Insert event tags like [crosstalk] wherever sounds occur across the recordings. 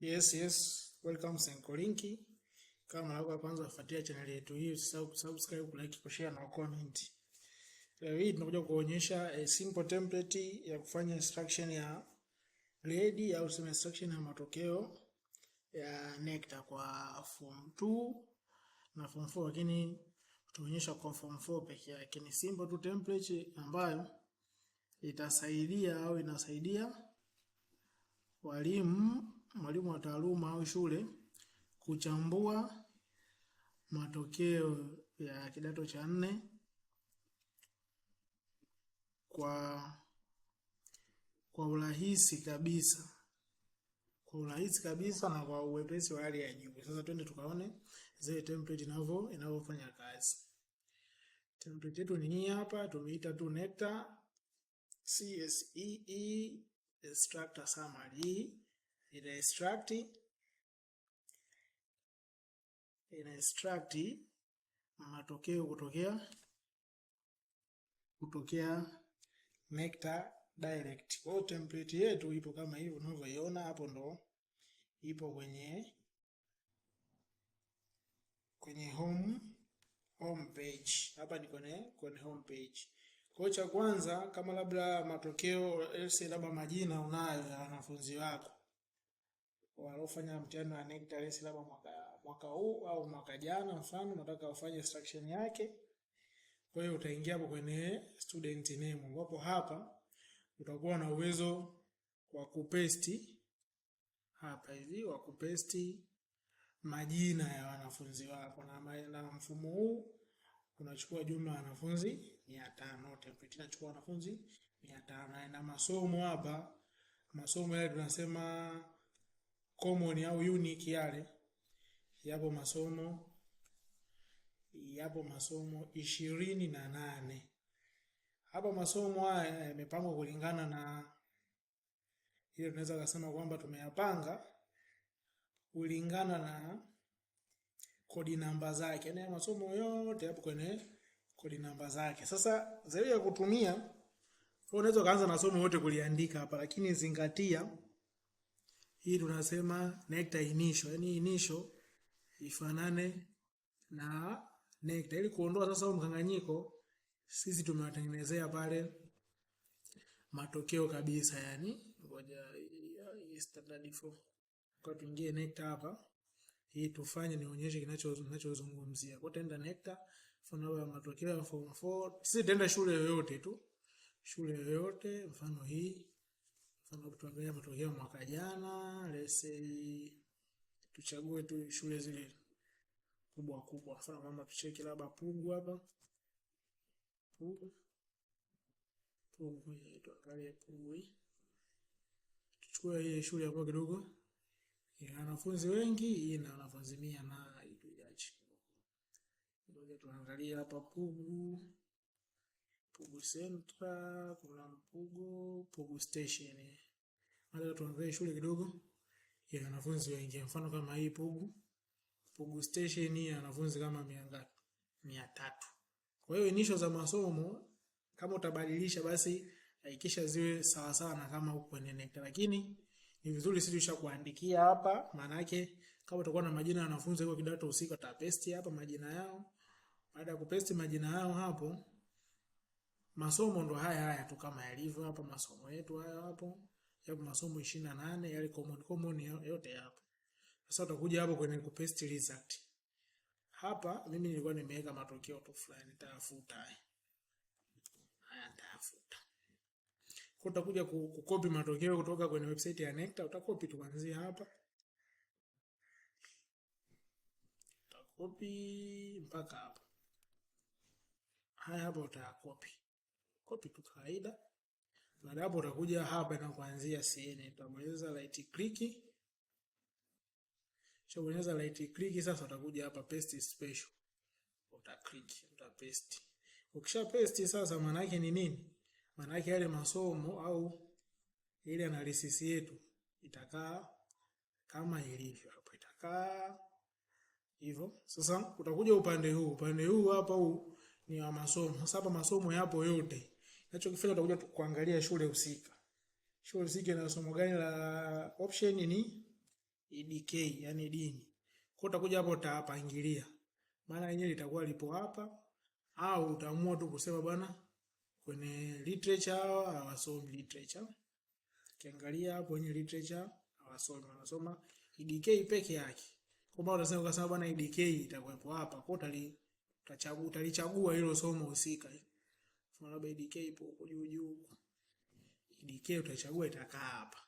Yes, yes. Welcome Senko Linki. Kama mara ya kwanza kufuatia channel yetu hii, usisahau kusubscribe, kulike, kushare na comment. Leo hii tunakuja kuonyesha a simple template ya kufanya extraction ya grade au sema extraction ya matokeo ya NECTA kwa form 2 na form 4, lakini tutaonyesha kwa form 4 pekee yake. Ni simple tu template ambayo itasaidia au inasaidia walimu mwalimu wa taaluma au shule kuchambua matokeo ya kidato cha nne kwa kwa urahisi kabisa, kwa urahisi kabisa na kwa uwepesi wa hali ya juu. Sasa twende tukaone zile template inavyo inavyofanya kazi. Template yetu ni hii hapa, tumeita tu NECTA CSEE e, Instructor summary ina extract ina extract matokeo kutokea kutokea Nectar Direct. Kwa hiyo template yetu ipo kama hivyo unavyoiona hapo, ndo ipo kwenye kwenye home home page. Hapa ni kwenye kwenye home page. Kwa cha kwanza, kama labda matokeo else labda majina unayo ya wanafunzi wako walofanya mtihani wa NECTA RES labda mwaka, mwaka huu au mwaka jana, mfano unataka ufanye extraction yake. Kwa hiyo utaingia hapo kwenye student name, ambapo hapa utakuwa na uwezo wa kupesti hapa hivi wa kupesti majina ya wanafunzi wako, na maana mfumo huu unachukua jumla ya wanafunzi 500, tano template inachukua wanafunzi 500 na masomo hapa, masomo yale tunasema common au unique yale, yapo masomo yapo masomo ishirini na nane. Hapa masomo haya yamepangwa kulingana na hiyo, tunaweza kusema kwamba tumeyapanga kulingana na kodi namba zake, yaani masomo yote hapo kwenye kodi namba zake. Sasa zaidi ya kutumia, unaweza ukaanza na somo yote kuliandika hapa, lakini zingatia hii tunasema nekta inisho, yani inisho ifanane na nekta. Ili kuondoa sasa mkanganyiko, sisi tumewatengenezea pale matokeo kabisa, yani ngoja standard form kwa tuingie nekta hapa, hii tufanye nionyeshe kinacho kinachozungumzia. Kwa tenda nekta mfano ya matokeo ya form 4, si tenda shule yoyote tu, shule yoyote mfano hii sababu tuangalia matokeo mwaka jana, lese tuchague tu shule zile kubwa kubwa. Sasa mama, tucheki labda Pugu hapa, Pugu Pugu, tuangalie Pugu, tuchukue ile shule hapo kidogo ina wanafunzi wengi, ina wanafunzi mia na itujaji. Ngoja tuangalie hapa Pugu Pugu Central, kuna Mpugu, Pugu Station. Hata tuangalie shule kidogo ya wanafunzi wengi. Mfano kama hii Pugu, Pugu Station hii wanafunzi kama mia ngapi? Mia tatu. Kwa hiyo inisho za masomo kama utabadilisha basi hakikisha ziwe sawa sawa na kama huko neneka, lakini ni vizuri sisi tushakuandikia hapa, maana yake kama utakuwa na majina ya wanafunzi kwa kidato husika utapesti hapa majina yao. Baada ya kupesti majina yao hapo Masomo ndo haya haya tu kama yalivyo hapa, masomo yetu haya hapo, yapo masomo 28 yale common common yote hapo. Sasa utakuja hapo kwenye ku paste result. Hapa mimi nilikuwa nimeweka matokeo tu fulani, nitafuta haya. Haya nitafuta. Kwa utakuja kukopi matokeo kutoka kwenye website ya Necta, utakopi tu kuanzia hapa. Utakopi mpaka hapa. Haya hapa utakopi copy tu kawaida. Baada hapo utakuja hapa na kuanzia CN, utabonyeza right click. bonyeza right click sasa utakuja hapa paste special. Uta click, uta paste. Ukisha paste sasa maana yake ni nini? Maana yake yale masomo au ile analysis yetu itakaa kama ilivyo hapo, itakaa hivyo. Sasa utakuja upande huu, upande huu hapa huu ni wa masomo. Sasa hapa masomo yapo yote Nachokifanya utakuja kuangalia shule husika, shule husika ina somo gani la option ni EDK, yani dini. Kwa utakuja hapo utapangilia, maana yenyewe litakuwa lipo hapa, au utaamua tu kusema bwana, kwenye literature hawasomi literature. Ukiangalia hapo kwenye literature hawasomi, wanasoma EDK peke yake. Kwa maana unasema sababu bwana, EDK itakuwepo hapa, kwa utalichagua hilo somo husika mfano labda idk ipo huko juu juu, idk utachagua itakaa hapa.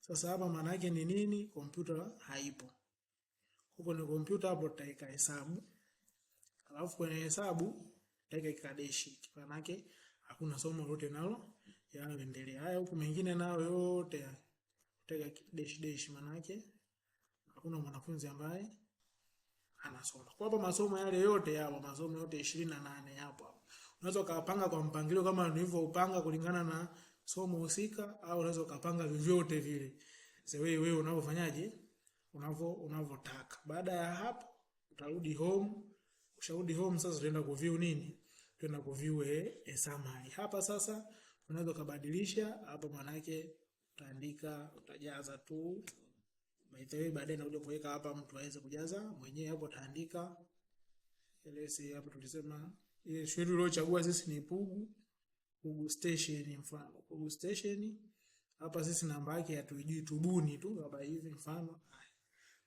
Sasa hapa maana yake ni nini? Kompyuta haipo huko, ni kompyuta hapo, tutaika hesabu, alafu kwenye hesabu tutaika kikadeshi, maana yake hakuna somo lolote nalo yanaendelea. Haya, huko mengine nayo yote tutaika kidash deshi maana yake hakuna mwanafunzi ambaye anasoma kwa hapa. Masomo yale yote yapo, masomo yote 28 na nane Unaweza ukapanga kwa mpangilio kama nilivyoupanga kulingana na somo husika, au unaweza ukapanga vyovyote vile. Sasa wewe wewe unavyofanyaje? Unavyo unavyotaka. Baada ya hapo utarudi home. Ukisharudi home sasa tutaenda kuview nini? Tutaenda kuview e, e summary. Hapa sasa unaweza kubadilisha hapo, maana yake utaandika, utajaza tu by the way, baadaye nakuja kuweka hapa mtu aweze kujaza mwenyewe hapo, utaandika lesi hapo tulisema ile shule tuliochagua sisi ni Pugu, Pugu station mfano. Pugu station hapa sisi namba yake hatujui, tubuni tu hapa hivi mfano.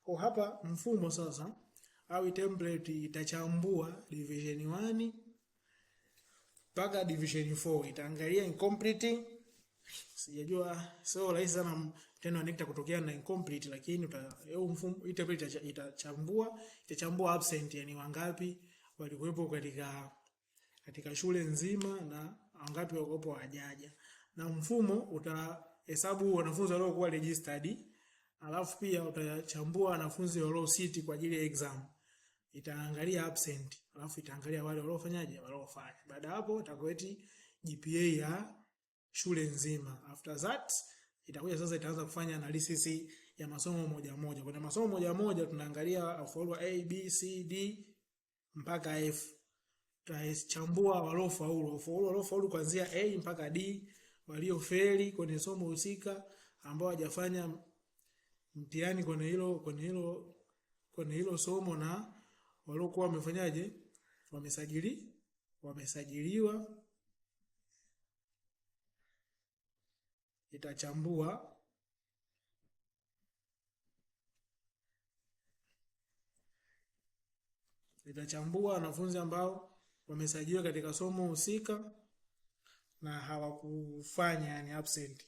Kwa hapa mfumo sasa au template itachambua division 1 mpaka division 4 itaangalia incomplete. Sijajua, sio rahisi sana tena nikita kutokea na incomplete, lakini uta mfumo itaplate itachambua itachambua absent, yani wangapi walikuwepo katika katika shule nzima na wangapi wakopo wajaja, na mfumo utahesabu wanafunzi waliokuwa registered, alafu pia utachambua wanafunzi walio waliositi kwa ajili ya exam, itaangalia absent, alafu itaangalia wale waliofanyaje, waliofanya. Baada hapo itakueti GPA ya shule nzima. After that itakuja sasa, itaanza kufanya analysis ya masomo moja moja. Kuna masomo moja moja tunaangalia afaulu A B C D mpaka F tutachambua waliofaulu, waliofaulu kuanzia A mpaka D, waliofeli kwenye somo husika, ambao wajafanya mtihani kwenye hilo kwenye hilo kwenye hilo somo, na waliokuwa wamefanyaje, wamesajili wamesajiliwa. Itachambua itachambua wanafunzi ambao wamesajiliwa katika somo husika na hawakufanya yani absent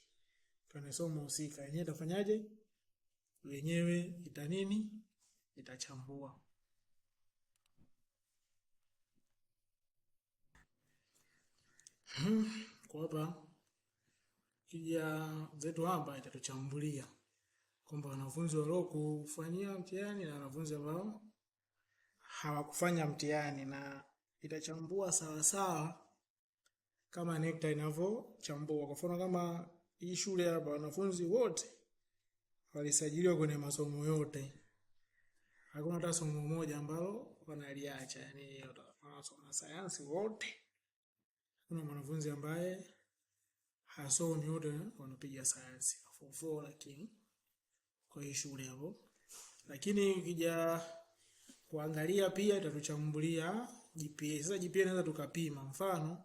kwenye somo husika, yenyewe itafanyaje? Yenyewe ita nini? Itachambua. Hmm, kwa hapa kija zetu hapa itatuchambulia kwamba wanafunzi waliokufanyia mtihani na wanafunzi ambao hawakufanya mtihani na itachambua sawasawa kama NECTA inavyochambua. Kwa mfano kama hii shule hapa, wanafunzi wote walisajiliwa kwenye masomo yote, hakuna hata somo moja ambalo wanaliacha. Yani wanasoma sayansi wote, kuna mwanafunzi ambaye hasomi, wote wanapiga sayansi fofo, lakini kwa hii shule hapo. Lakini ukija kuangalia pia itatuchambulia GPA. Sasa GPA naweza tukapima, mfano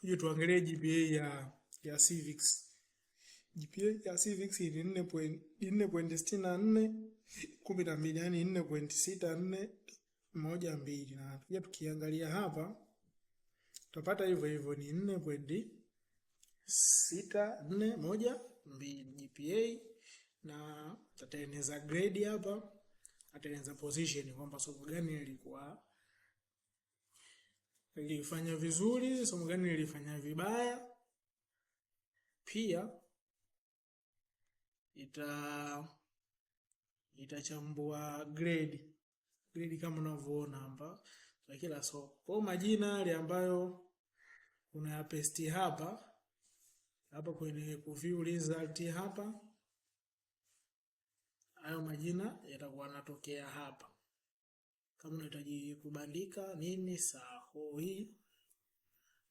tuje tuangalie GPA ya ya civics. GPA ya civics ni 4.64 12, yani 4.64 moja mbili, na pia tukiangalia hapa tutapata hivyo hivyo ni 4.64 moja GPA na tutatengeneza grade hapa, tutatengeneza position kwamba somo gani lilikuwa lilifanya vizuri, somo gani lilifanya vibaya. Pia ita itachambua grade grade kama unavyoona hapa za kila somo. Kwa hiyo majina yale ambayo unayapesti hapa hapa kwenye kuview result hapa, hayo majina yatakuwa yanatokea hapa kama unahitaji kubandika nini, saa hii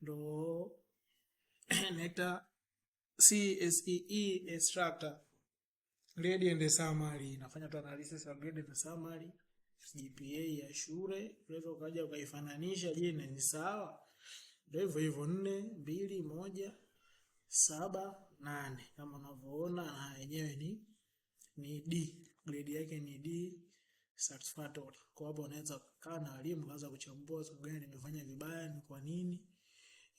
ndo [clears throat] NECTA CSEE e extractor gradient summary inafanya tu analysis ya gradient summary GPA ya shule, unaweza ukaja ukaifananisha, je, ni sawa? Ndio hivyo hivyo, nne mbili moja saba nane, kama unavyoona na yenyewe ni ni D, grade yake ni D satisfactory. Kwa hapo unaweza kukaa na walimu kuanza kuchambua sababu gani nimefanya vibaya, ni kwa nini,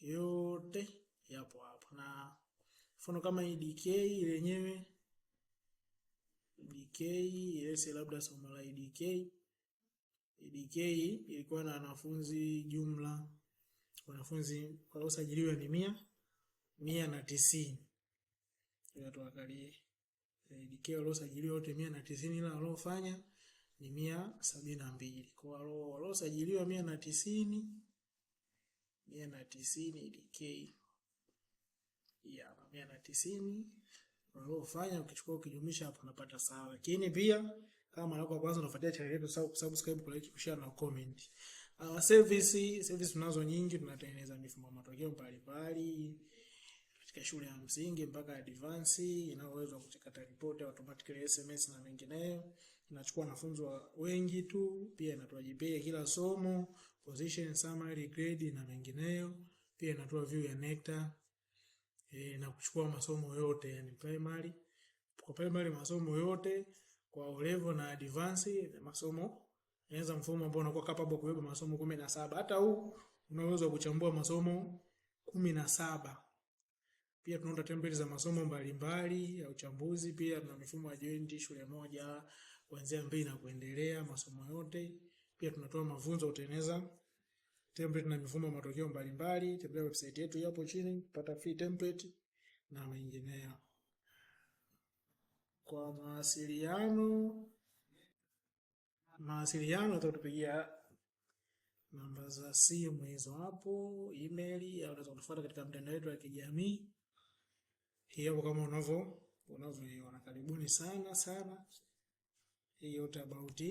yote yapo hapo. Na mfano kama hii DK yenyewe DK yes, labda somo la DK DK ilikuwa na wanafunzi jumla wanafunzi waliosajiliwa ni mia mia na tisini tuangalie eh, DK waliosajiliwa wote mia na tisini ila waliofanya ni mia sabini na mbili kwa walo waliosajiliwa mia na tisini mia na tisini dk ya mia na tisini waliofanya ukichukua ukijumisha hapo unapata sawa. Lakini pia kama mara kwa kwanza unafuatia channel yetu, subscribe, kwa like kushare na comment. Uh, service service tunazo nyingi, tunatengeneza mifumo matokeo mbalimbali katika shule ya msingi mpaka advance inayoweza kuchakata ripoti automatically, SMS na mengineyo inachukua wanafunzi wa wengi tu, pia inatoa GPA kila somo, position summary, grade na mengineyo. Pia inatoa view ya NECTA e, na kuchukua masomo yote yani primary, kwa primary masomo yote kwa level na advance masomo inaweza mfumo ambao unakuwa capable kubeba masomo kumi na saba. Hata huu una uwezo wa kuchambua masomo kumi na saba. Pia tunaunda template za masomo mbalimbali mbali, ya uchambuzi. Pia tuna mifumo ya joint shule moja kuanzia mbili na kuendelea, masomo yote. Pia tunatoa mafunzo kutengeneza template na mifumo matokeo mbalimbali. Tembelea website yetu hapo chini kupata free template na mengineyo. Kwa mawasiliano, mawasiliano utatupigia namba za simu hizo hapo, email au unaweza kutufuata katika mtandao wetu wa kijamii hiyo, kama unavyo unavyoiona. Karibuni sana sana hii yote about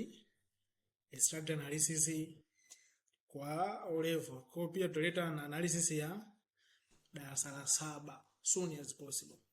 extract analysis kwa olevo. Kwa hiyo pia tutaleta na analysis ya darasa la saba soon as possible.